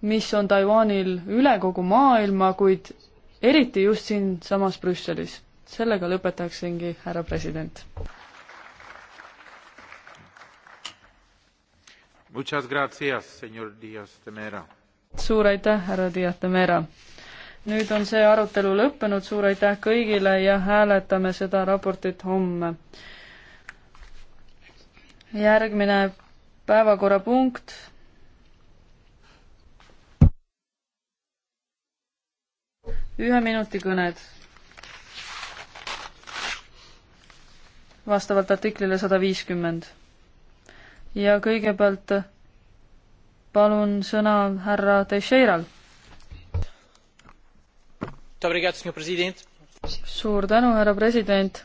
mis on Taiwanil üle kogu maailma, kuid eriti just siinsamas Brüsselis. sellega lõpetaksingi, härra president. suur aitäh, härra Dias de Mera! nüüd on see arutelu lõppenud, suur aitäh kõigile ja hääletame seda raportit homme. järgmine päevakorrapunkt ühe minuti kõned. vastavalt artiklile sada viiskümmend. ja kõigepealt palun sõna härra Teixeiral. suur tänu, härra president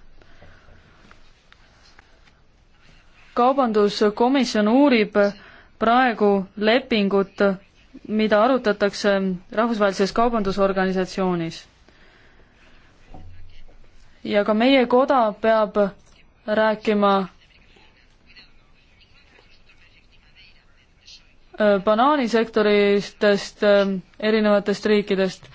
kaubanduskomisjon uurib praegu lepingut mida arutatakse Rahvusvahelises Kaubandusorganisatsioonis. ja ka meie koda peab rääkima äh, banaanisektoritest äh, erinevatest riikidest.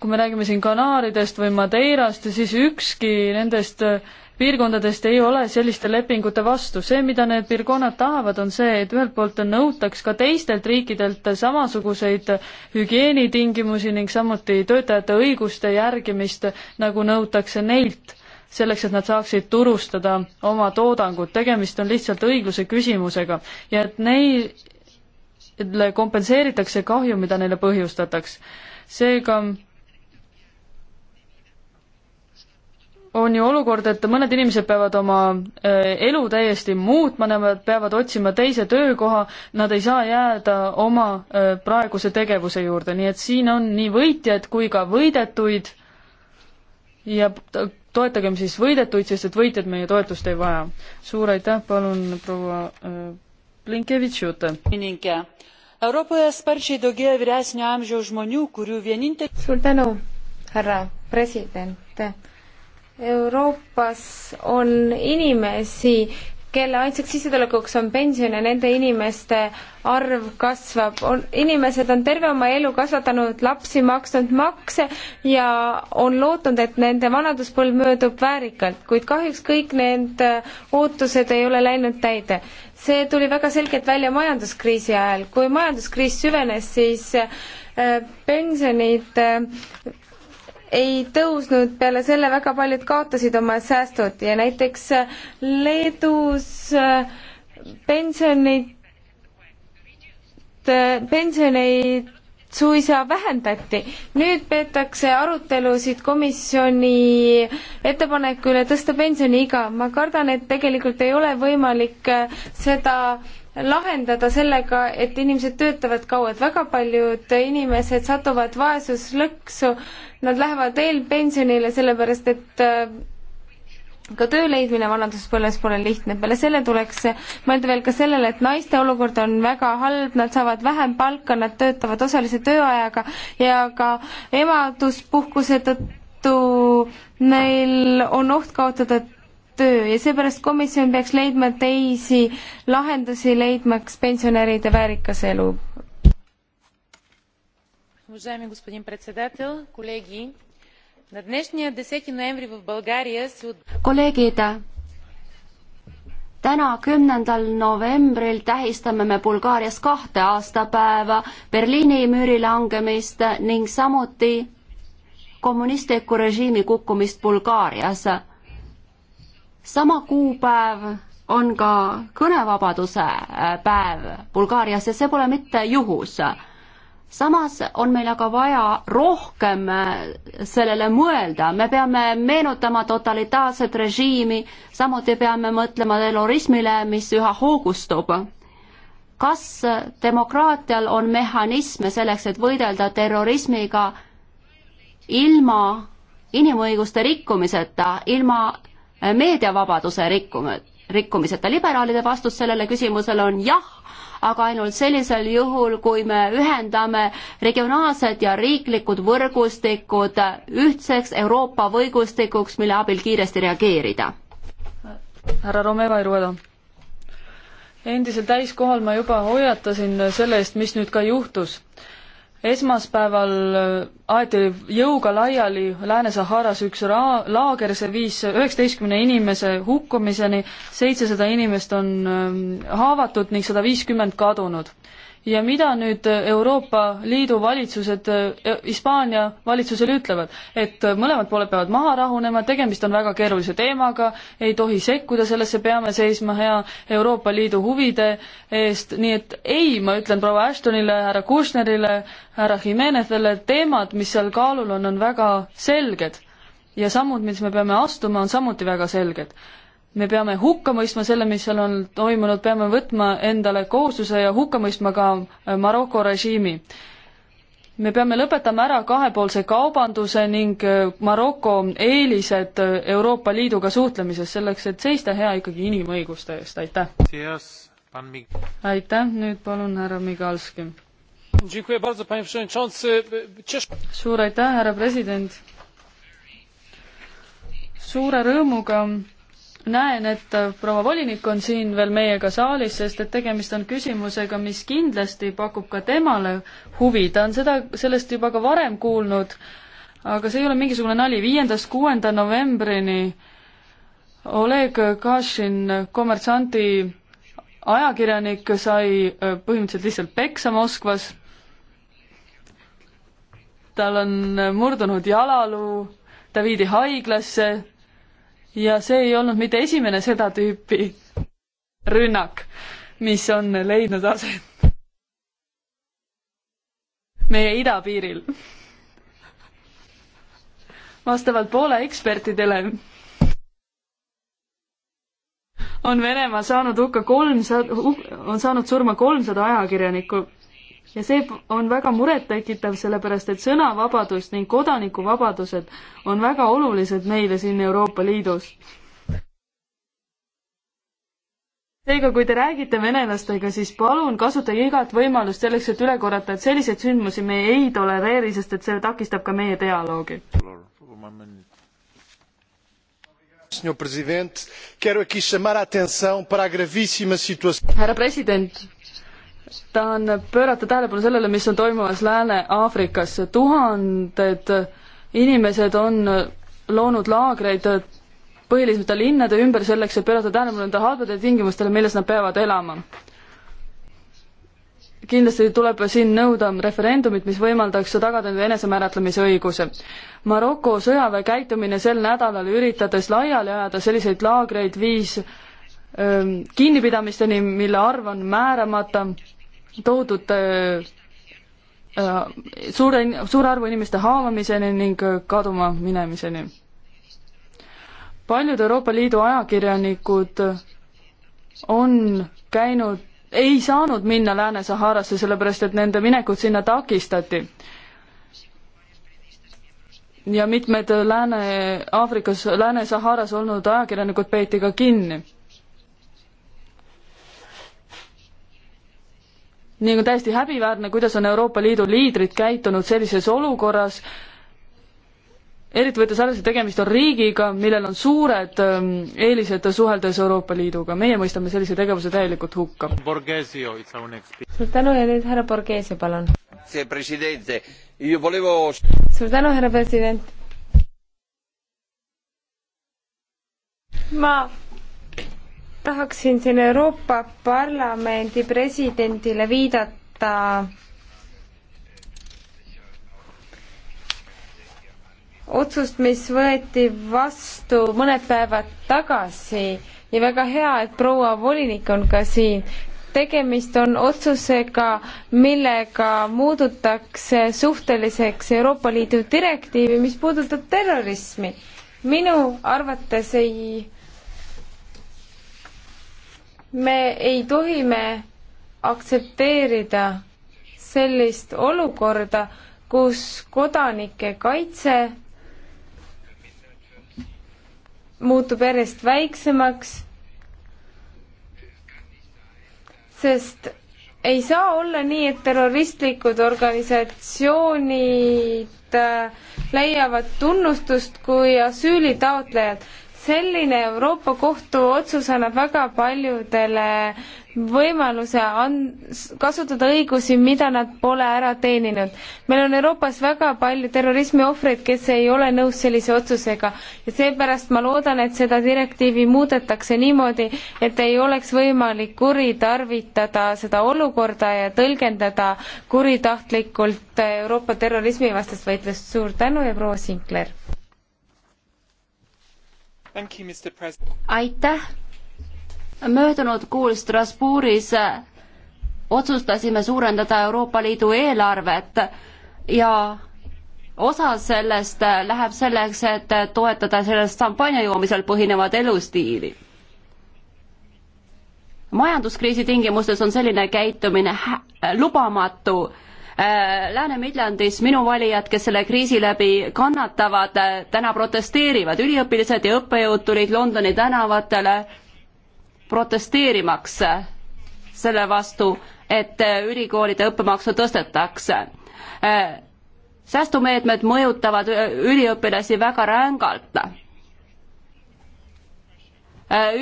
kui me räägime siin Kanaaridest või Madeirast, siis ükski nendest äh, piirkondadest ei ole selliste lepingute vastu. see, mida need piirkonnad tahavad, on see, et ühelt poolt nõutaks ka teistelt riikidelt samasuguseid hügieenitingimusi ning samuti töötajate õiguste järgimist, nagu nõutakse neilt selleks, et nad saaksid turustada oma toodangut, tegemist on lihtsalt õigluse küsimusega ja et neile kompenseeritakse kahju, mida neile põhjustatakse. seega on ju olukord, et mõned inimesed peavad oma äh, elu täiesti muutma, nemad peavad otsima teise töökoha, nad ei saa jääda oma äh, praeguse tegevuse juurde, nii et siin on nii võitjaid kui ka võidetuid ja toetagem siis võidetuid, sest et võitjad meie toetust ei vaja. suur aitäh, palun proua äh, Blinkevitš-Jute. Euroopasse sparčiai daugėja vyresnio amžiaus žmonių, kurių vienintelis. suur tänu, härra president Euroopas on inimesi, kelle ainsaks sissetulekuks on pension ja nende inimeste arv kasvab, on, inimesed on terve oma elu kasvatanud lapsi, maksnud makse ja on lootnud, et nende vanaduspõlv möödub väärikalt, kuid kahjuks kõik need äh, ootused ei ole läinud täide. see tuli väga selgelt välja majanduskriisi ajal, kui majanduskriis süvenes, siis äh, pensionid äh, ei tõusnud, peale selle väga paljud kaotasid oma säästud ja näiteks äh, Leedus äh, pensionid, äh, pensioneid suisa vähendati. nüüd peetakse arutelusid komisjoni ettepaneku üle tõsta pensioniiga. ma kardan, et tegelikult ei ole võimalik seda lahendada sellega, et inimesed töötavad kaua, et väga paljud inimesed satuvad vaesuslõksu, nad lähevad eelpensionile, sellepärast et äh, ka töö leidmine vanaduspõlves pole lihtne, peale selle tuleks mõelda veel ka sellele, et naiste olukord on väga halb, nad saavad vähem palka, nad töötavad osalise tööajaga ja ka emaduspuhkuse tõttu neil on oht kaotada töö ja seepärast komisjon peaks leidma teisi lahendusi, leidmaks pensionäride väärikas elu. Уважаеми господин председател, колеги, на днешния 10 ноември в България се от... Колегида, täna, kümnendal novembril tähistame me Bulgaarias kahte aastapäeva Berliini müüri langemist ning samuti kommunistliku režiimi kukkumist Bulgaarias sama kuupäev on ka kõnevabaduse äh, päev Bulgaarias ja see pole mitte juhus. samas on meil aga vaja rohkem äh, sellele mõelda, me peame meenutama totalitaarset režiimi, samuti peame mõtlema terrorismile, mis üha hoogustub. kas demokraatial on mehhanisme selleks, et võidelda terrorismiga ilma inimõiguste rikkumiseta, ilma meediavabaduse rikkumine, rikkumiseta. liberaalide vastus sellele küsimusele on jah, aga ainult sellisel juhul, kui me ühendame regionaalsed ja riiklikud võrgustikud ühtseks Euroopa võrgustikuks, mille abil kiiresti reageerida. härra Romeva Iruedo endisel täiskohal ma juba hoiatasin selle eest, mis nüüd ka juhtus esmaspäeval äh, aeti jõuga laiali Lääne-Saharas üks ra-, laager, see viis üheksateistkümne inimese hukkumiseni, seitsesada inimest on ähm, haavatud ning sada viiskümmend kadunud ja mida nüüd Euroopa Liidu valitsused e, Hispaania valitsusele ütlevad? et mõlemad pooled peavad maha rahunema, tegemist on väga keerulise teemaga, ei tohi sekkuda sellesse, peame seisma hea Euroopa Liidu huvide eest, nii et ei, ma ütlen proua Ashtonile, härra Kushnerile, härra Jimenezele, teemad, mis seal kaalul on, on väga selged. ja sammud, mis me peame astuma, on samuti väga selged me peame hukka mõistma selle, mis seal on toimunud, peame võtma endale kohustuse ja hukka mõistma ka äh, Maroko režiimi. me peame lõpetama ära kahepoolse kaubanduse ning äh, Maroko eelised äh, Euroopa Liiduga suhtlemises, selleks et seista hea ikkagi inimõiguste eest, aitäh! aitäh, nüüd palun härra Migalski. suur aitäh, härra president! suure rõõmuga näen, et äh, proua volinik on siin veel meiega saalis, sest et tegemist on küsimusega, mis kindlasti pakub ka temale huvi, ta on seda, sellest juba ka varem kuulnud, aga see ei ole mingisugune nali, viiendast kuuenda novembrini Oleg Kašin, kommertsanti ajakirjanik, sai äh, põhimõtteliselt lihtsalt peksa Moskvas, tal on äh, murdunud jalaluu, ta viidi haiglasse, ja see ei olnud mitte esimene seda tüüpi rünnak, mis on leidnud aset meie idapiiril. vastavalt Poola ekspertidele on Venemaa saanud hukka kolmsada, on saanud surma kolmsada ajakirjanikku ja see on väga murettekitav, sellepärast et sõnavabadus ning kodanikuvabadused on väga olulised meile siin Euroopa Liidus. seega, kui te räägite venelastega, siis palun kasutage igat võimalust selleks, et üle korrata, et selliseid sündmusi me ei tolereeri, sest et see takistab ka meie dialoogi. härra president, tahan pöörata tähelepanu sellele, mis on toimumas Lääne-Aafrikas. tuhanded inimesed on loonud laagreid põhiliselt linnade ümber selleks, et pöörata tähelepanu nende halbadele tingimustele, milles nad peavad elama. kindlasti tuleb siin nõuda referendumit, mis võimaldaks tagada nende enesemääratlemise õiguse. Maroko sõjaväe käitumine sel nädalal, üritades laiali ajada selliseid laagreid, viis öö, kinnipidamisteni, mille arv on määramata toodud äh, äh, suure, suure arvu inimeste haavamiseni ning kaduma minemiseni. paljud Euroopa Liidu ajakirjanikud on käinud, ei saanud minna Lääne-Saharasse, sellepärast et nende minekut sinna takistati. ja mitmed Lääne-Aafrikas, Lääne-Saharas olnud ajakirjanikud peeti ka kinni nii on täiesti häbiväärne, kuidas on Euroopa Liidu liidrid käitunud sellises olukorras, eriti võttes arvesse, et tegemist on riigiga, millel on suured ähm, eelised suheldes Euroopa Liiduga. meie mõistame sellise tegevuse täielikult hukka. suur tänu ja nüüd härra Borghese, palun. Volevo... suur tänu, härra president. ma tahaksin siin Euroopa Parlamendi presidendile viidata otsust, mis võeti vastu mõned päevad tagasi ja väga hea, et proua volinik on ka siin. tegemist on otsusega, millega muudetakse suhteliseks Euroopa Liidu direktiivi, mis puudutab terrorismi. minu arvates ei me ei tohi me aktsepteerida sellist olukorda, kus kodanike kaitse muutub järjest väiksemaks, sest ei saa olla nii, et terroristlikud organisatsioonid äh, leiavad tunnustust kui asüülitaotlejad selline Euroopa Kohtu otsus annab väga paljudele võimaluse an-, kasutada õigusi, mida nad pole ära teeninud. meil on Euroopas väga palju terrorismiohvreid, kes ei ole nõus sellise otsusega ja seepärast ma loodan, et seda direktiivi muudetakse niimoodi, et ei oleks võimalik kuritarvitada seda olukorda ja tõlgendada kuritahtlikult Euroopa terrorismivastast võitlust. suur tänu ja proua Sinkler! aitäh! möödunud kuul Strasbourgis äh, otsustasime suurendada Euroopa Liidu eelarvet ja osa sellest äh, läheb selleks, et äh, toetada sellest šampanja joomisel põhinevat elustiili. majanduskriisi tingimustes on selline käitumine lubamatu Äh, Lääne-Midlandis minu valijad, kes selle kriisi läbi kannatavad, äh, täna protesteerivad, üliõpilased ja õppejõud tulid Londoni tänavatele protesteerimaks selle vastu, et äh, ülikoolide õppemaksu tõstetakse. säästumeetmed mõjutavad üliõpilasi väga rängalt.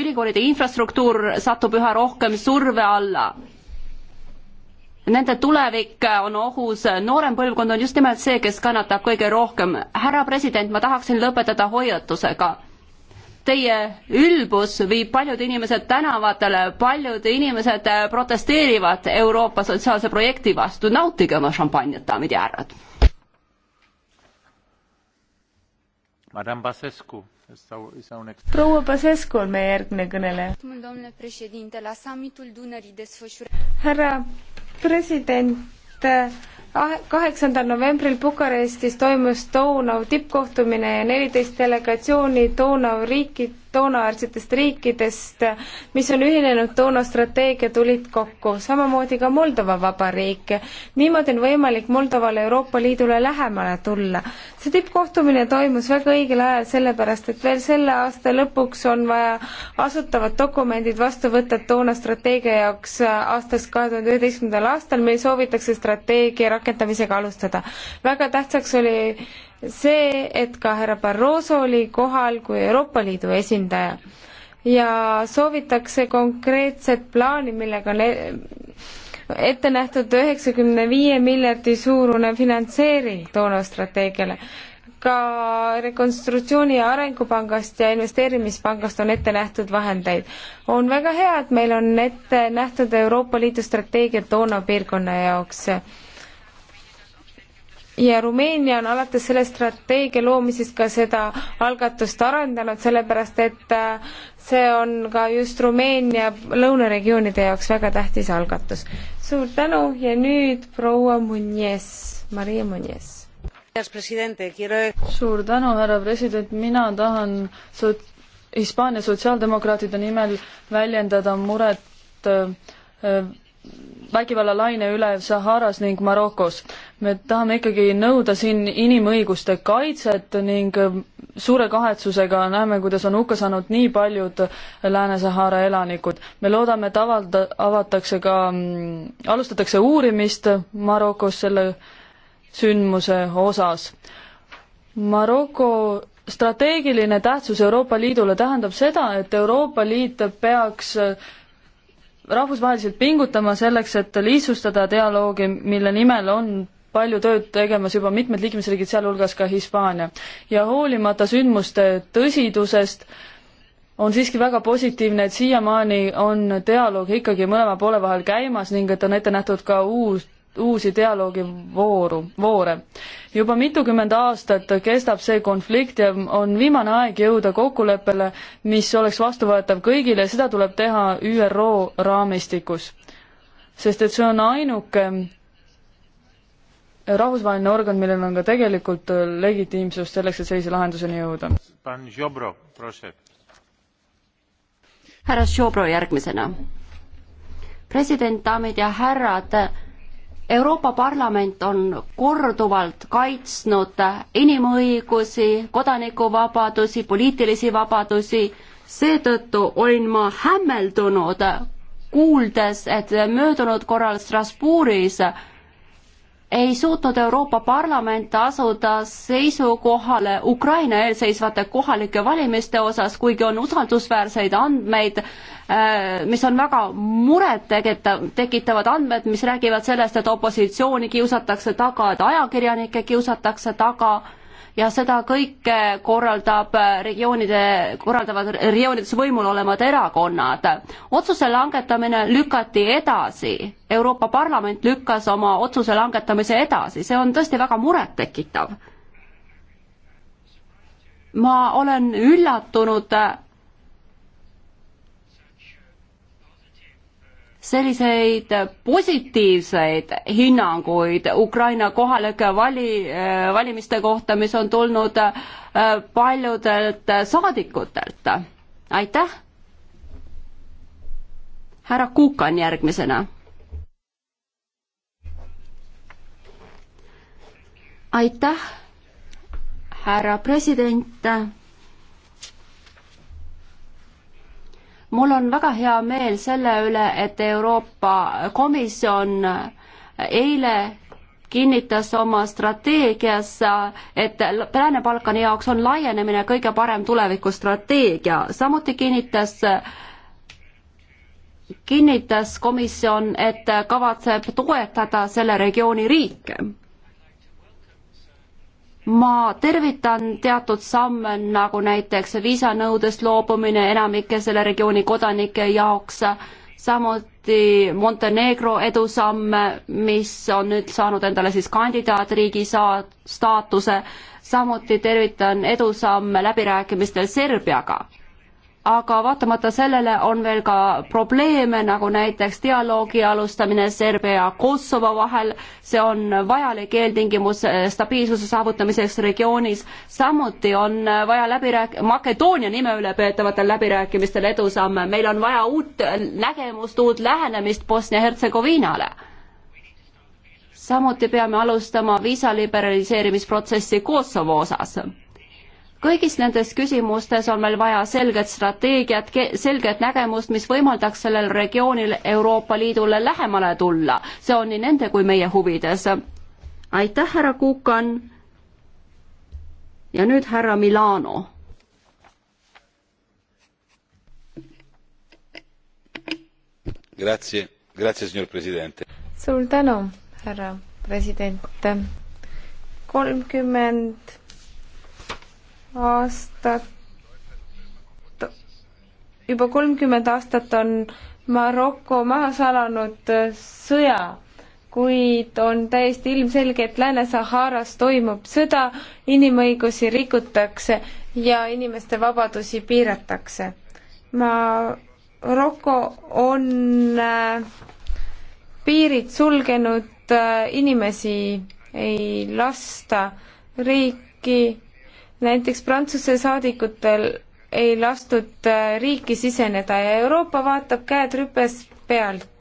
ülikoolide infrastruktuur satub üha rohkem surve alla nende tulevik on ohus, noorem põlvkond on just nimelt see, kes kannatab kõige rohkem. härra president, ma tahaksin lõpetada hoiatusega. Teie ülbus viib paljud inimesed tänavatele, paljud inimesed äh, protesteerivad Euroopa sotsiaalse projekti vastu. nautige oma šampanjat, daamid ja härrad. Madame Basescu proua Basescu on meie järgmine kõneleja. härra president ah, kaheksandal novembril Bukarestis toimus Donau tippkohtumine ja neliteist delegatsiooni Donau riikid toonaäärsetest riikidest, mis on ühinenud toona strateegia, tulid kokku, samamoodi ka Moldova Vabariik. niimoodi on võimalik Moldovale Euroopa Liidule lähemale tulla. see tippkohtumine toimus väga õigel ajal, sellepärast et veel selle aasta lõpuks on vaja asutavad dokumendid vastu võtta toona strateegia jaoks aastast kahe tuhande üheteistkümnendal aastal, meil soovitakse strateegia rakendamisega alustada. väga tähtsaks oli see, et ka härra Barroso oli kohal kui Euroopa Liidu esindaja ja soovitakse konkreetset plaani, millega on ette nähtud üheksakümne viie miljardi suurune finantseering toonastrateegiale. ka Rekonstruktsiooni ja Arengupangast ja Investeerimispangast on ette nähtud vahendeid. on väga hea, et meil on ette nähtud Euroopa Liidu strateegia toonapiirkonna jaoks ja Rumeenia on alates selle strateegia loomisest ka seda algatust arendanud, sellepärast et äh, see on ka just Rumeenia lõunaregioonide jaoks väga tähtis algatus. suur tänu ja nüüd proua Munjes, Maria Munjes. suur tänu, härra president, mina tahan so-, Hispaania sotsiaaldemokraatide nimel väljendada muret äh, vägivallalaine üle Saharas ning Marokos. me tahame ikkagi nõuda siin inimõiguste kaitset ning suure kahetsusega näeme, kuidas on hukka saanud nii paljud Lääne-Sahara elanikud. me loodame, et avalda, avatakse ka, mm, alustatakse uurimist Marokos selle sündmuse osas. Maroko strateegiline tähtsus Euroopa Liidule tähendab seda, et Euroopa Liit peaks rahvusvaheliselt pingutama selleks, et lihtsustada dialoogi, mille nimel on palju tööd tegemas juba mitmed liikmesriigid, sealhulgas ka Hispaania. ja hoolimata sündmuste tõsidusest on siiski väga positiivne, et siiamaani on dialoog ikkagi mõlema poole vahel käimas ning et on ette nähtud ka uus uusi dialoogivooru, voore. juba mitukümmend aastat kestab see konflikt ja on viimane aeg jõuda kokkuleppele, mis oleks vastuvõetav kõigile, seda tuleb teha ÜRO raamistikus. sest et see on ainuke rahvusvaheline organ, millel on ka tegelikult legitiimsus selleks, et sellise lahenduseni jõuda. härra Šobro järgmisena. president, daamid ja härrad Euroopa Parlament on korduvalt kaitsnud inimõigusi, kodanikuvabadusi, poliitilisi vabadusi, seetõttu olin ma hämmeldunud, kuuldes, et möödunud korral Strasbourgis ei suutnud Euroopa Parlament asuda seisukohale Ukraina eelseisvate kohalike valimiste osas, kuigi on usaldusväärseid andmeid, äh, mis on väga muret tekitavad andmed, mis räägivad sellest, et opositsiooni kiusatakse taga, et ajakirjanikke kiusatakse taga ja seda kõike korraldab äh, regioonide, korraldavad regioonides võimul olevad erakonnad. otsuse langetamine lükati edasi, Euroopa Parlament lükkas oma otsuse langetamise edasi, see on tõesti väga murettekitav. ma olen üllatunud äh, selliseid positiivseid hinnanguid Ukraina kohalike vali, äh, valimiste kohta, mis on tulnud äh, paljudelt saadikutelt. aitäh! härra Kukan järgmisena. aitäh, härra president mul on väga hea meel selle üle, et Euroopa Komisjon eile kinnitas oma strateegias, et Lääne-Balkani jaoks on laienemine kõige parem tulevikustrateegia, samuti kinnitas kinnitas komisjon, et kavatseb toetada selle regiooni riike ma tervitan teatud samme, nagu näiteks viisanõudest loobumine enamike selle regiooni kodanike jaoks, samuti Montenegro edusamme, mis on nüüd saanud endale siis kandidaatriigi saa-, staatuse, samuti tervitan edusamme läbirääkimistel Serbiaga aga vaatamata sellele on veel ka probleeme, nagu näiteks dialoogi alustamine Serbia ja Kosovo vahel, see on vajalik eeltingimus stabiilsuse saavutamiseks regioonis, samuti on vaja läbi rääk-, Makedoonia nime üle peetavatel läbirääkimistel edusamme, meil on vaja uut nägemust, uut lähenemist Bosnia-Hertsegoviinale. samuti peame alustama viisa liberaliseerimisprotsessi Kosovo osas kõigis nendes küsimustes on meil vaja selget strateegiat, selget nägemust, mis võimaldaks sellel regioonil Euroopa Liidule lähemale tulla. see on nii nende kui meie huvides. aitäh, härra Kukan. ja nüüd härra Milano. Grazie, grazie, signor president. suur tänu, härra president. kolmkümmend 30 aastat, juba kolmkümmend aastat on Maroko maha salanud sõja, kuid on täiesti ilmselge, et Lääne-Saharas toimub sõda, inimõigusi rikutakse ja inimeste vabadusi piiratakse. Maroko on äh, piirid sulgenud, äh, inimesi ei lasta riiki näiteks Prantsuse saadikutel ei lastud äh, riiki siseneda ja Euroopa vaatab käed rüpes pealt.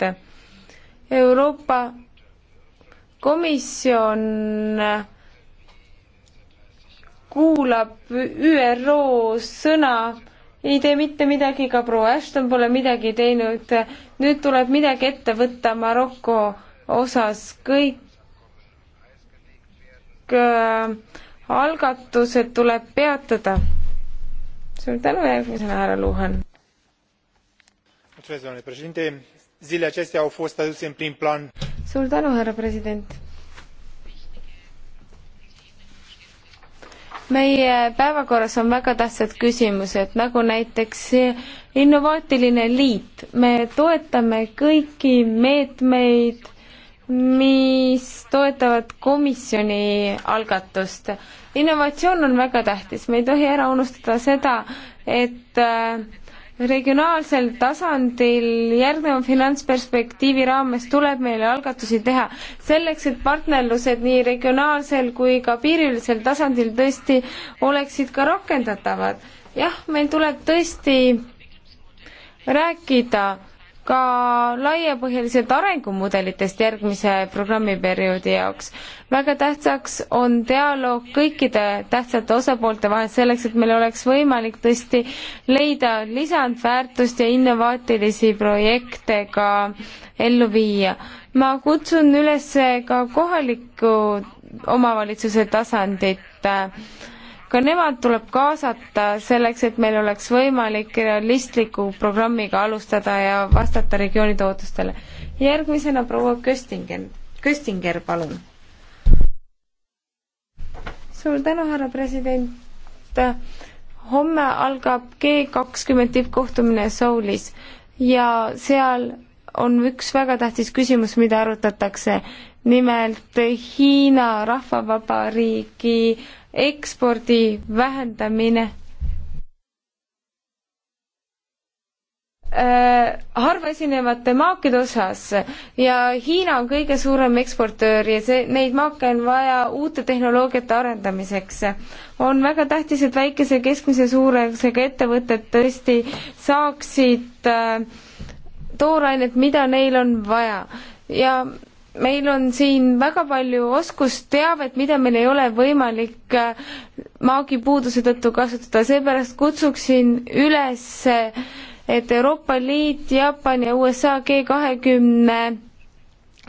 Euroopa Komisjon äh, kuulab ÜRO sõna, ei tee mitte midagi, ka proua Ashton pole midagi teinud. nüüd tuleb midagi ette võtta Maroko osas, kõik äh, algatused tuleb peatada. suur tänu, järgmisena härra Luhan. zilele acestea au fost aduse în prim plan. suur tänu, härra president. meie päevakorras on väga tähtsad küsimused, nagu näiteks innovaatiline liit. me toetame kõiki meetmeid mis toetavad komisjoni algatust. innovatsioon on väga tähtis, me ei tohi ära unustada seda, et äh, regionaalsel tasandil järgneva finantsperspektiivi raames tuleb meile algatusi teha selleks, et partnerlused nii regionaalsel kui ka piirilisel tasandil tõesti oleksid ka rakendatavad. jah, meil tuleb tõesti rääkida ka laiapõhjaliselt arengumudelitest järgmise programmiperioodi jaoks. väga tähtsaks on dialoog kõikide tähtsate osapoolte vahel selleks, et meil oleks võimalik tõesti leida lisandväärtust ja innovaatilisi projekte ka ellu viia. ma kutsun üles ka kohaliku omavalitsuse tasandit äh, ka nemad tuleb kaasata selleks, et meil oleks võimalik realistliku programmiga alustada ja vastata regioonide ootustele. järgmisena proua Köstingen, Köstinger, palun. suur tänu, härra president. homme algab G kakskümmend tippkohtumine Soulis ja seal on üks väga tähtis küsimus, mida arutatakse nimelt Hiina Rahvavabariigi ekspordi vähendamine äh, harvaesinevate maakide osas ja Hiina on kõige suurem eksportöör ja see, neid maake on vaja uute tehnoloogiate arendamiseks. on väga tähtis, et väikese keskmise suurusega ettevõtted tõesti saaksid äh, toorainet, mida neil on vaja ja meil on siin väga palju oskusteavet, mida meil ei ole võimalik äh, maagipuuduse tõttu kasutada, seepärast kutsuksin üles, et Euroopa Liit, Jaapan ja USA G kahekümne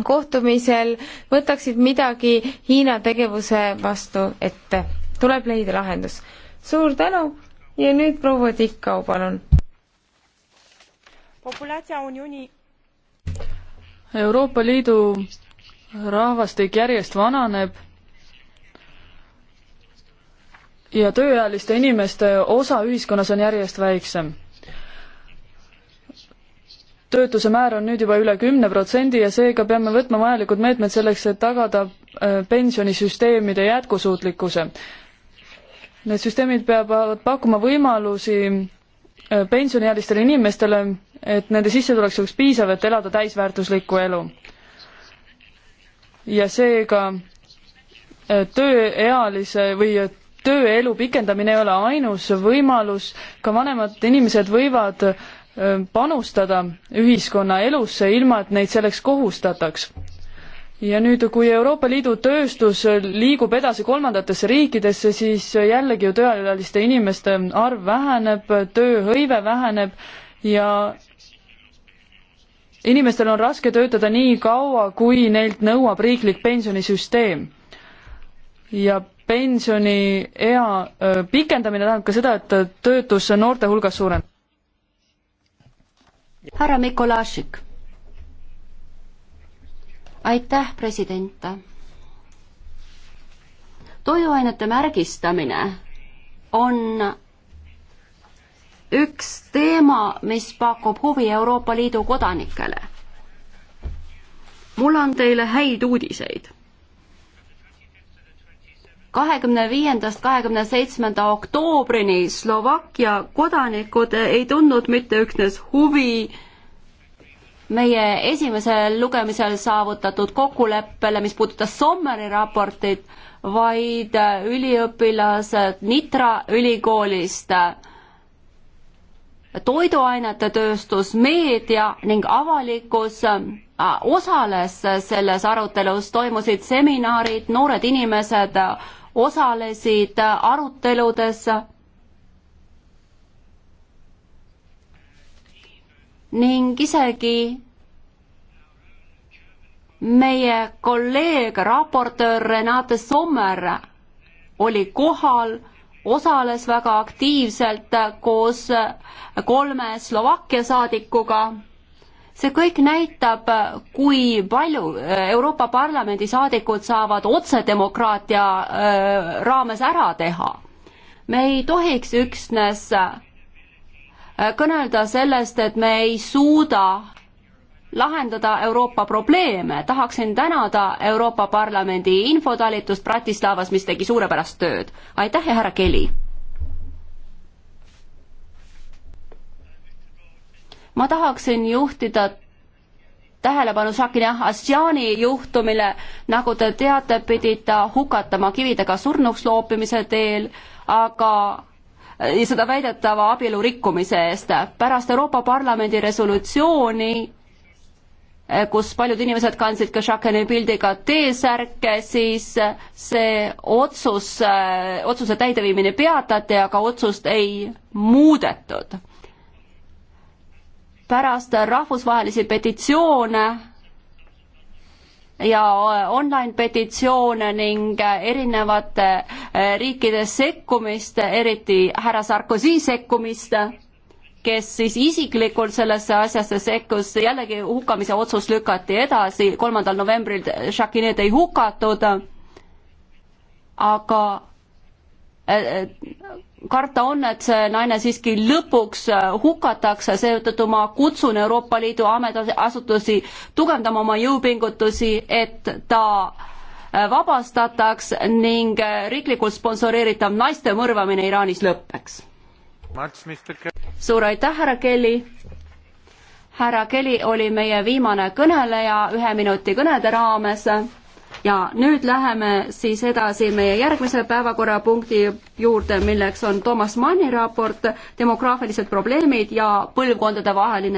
kohtumisel võtaksid midagi Hiina tegevuse vastu ette. tuleb leida lahendus. suur tänu ja nüüd proua Tikkau, palun. populatsia Uniuni Euroopa Liidu rahvastik järjest vananeb ja tööealiste inimeste osa ühiskonnas on järjest väiksem. töötuse määr on nüüd juba üle kümne protsendi ja seega peame võtma vajalikud meetmed selleks, et tagada äh, pensionisüsteemide jätkusuutlikkuse. Need süsteemid peavad pakkuma võimalusi Äh, pensioniealistele inimestele, et nende sissetulek oleks piisav, et elada täisväärtuslikku elu. ja seega äh, tööealise või äh, tööelu pikendamine ei ole ainus võimalus, ka vanemad inimesed võivad panustada ühiskonna elusse, ilma et neid selleks kohustataks ja nüüd, kui Euroopa Liidu tööstus liigub edasi kolmandatesse riikidesse, siis jällegi ju tööealiste inimeste arv väheneb, tööhõive väheneb ja inimestel on raske töötada nii kaua, kui neilt nõuab riiklik pensionisüsteem. ja pensioniea pikendamine tähendab ka seda, et töötus noorte hulgas suureneb. härra Mikolašik aitäh, president. toiduainete märgistamine on üks teema, mis pakub huvi Euroopa Liidu kodanikele. mul on teile häid uudiseid. kahekümne viiendast kahekümne seitsmenda oktoobrini Slovakkia kodanikud ei tundnud mitte üksnes huvi meie esimesel lugemisel saavutatud kokkuleppele, mis puudutas Sommeri raportit, vaid üliõpilased Nitra ülikoolist, toiduainete tööstus, meedia ning avalikkus äh, osales selles arutelus, toimusid seminarid, noored inimesed äh, osalesid aruteludes ning isegi meie kolleeg, raportöör Renate Sommer oli kohal, osales väga aktiivselt koos kolme Slovakkia saadikuga. see kõik näitab, kui palju Euroopa Parlamendi saadikud saavad otsedemokraatia äh, raames ära teha. me ei tohiks üksnes Äh, kõnelda sellest, et me ei suuda lahendada Euroopa probleeme. tahaksin tänada Euroopa Parlamendi infotalitust Bratislavas, mis tegi suurepärast tööd. aitäh ja härra Kelly! ma tahaksin juhtida tähelepanu Šakina Asjani juhtumile, nagu te teate, pidi ta hukatama kividega surnuks loopimise teel, aga Äh, seda väidetava abielu rikkumise eest. pärast Euroopa Parlamendi resolutsiooni äh, kus paljud inimesed kandsid ka Šakeni pildiga T-särke, siis äh, see otsus, otsuse täideviimine peatati, aga otsust ei muudetud. pärast rahvusvahelisi petitsioone ja online petitsioone ning erinevate eh, riikide sekkumist, eriti härra Sarkozy sekkumist, kes siis isiklikult sellesse asjasse sekkus, jällegi hukkamise otsus lükati edasi, kolmandal novembril Shakinet ei hukatud, aga eh, eh, karta on, et see naine siiski lõpuks äh, hukatakse, seetõttu ma kutsun Euroopa Liidu ametiasutusi tugevdama oma jõupingutusi, et ta äh, vabastataks ning äh, riiklikult sponsoreeritav naiste mõrvamine Iraanis lõpeks. suur aitäh, härra Kelly! härra Kelly oli meie viimane kõneleja ühe minuti kõnede raames ja nüüd läheme siis edasi meie järgmise päevakorrapunkti juurde, milleks on Toomas Manni raport demograafilised probleemid ja põlvkondadevaheline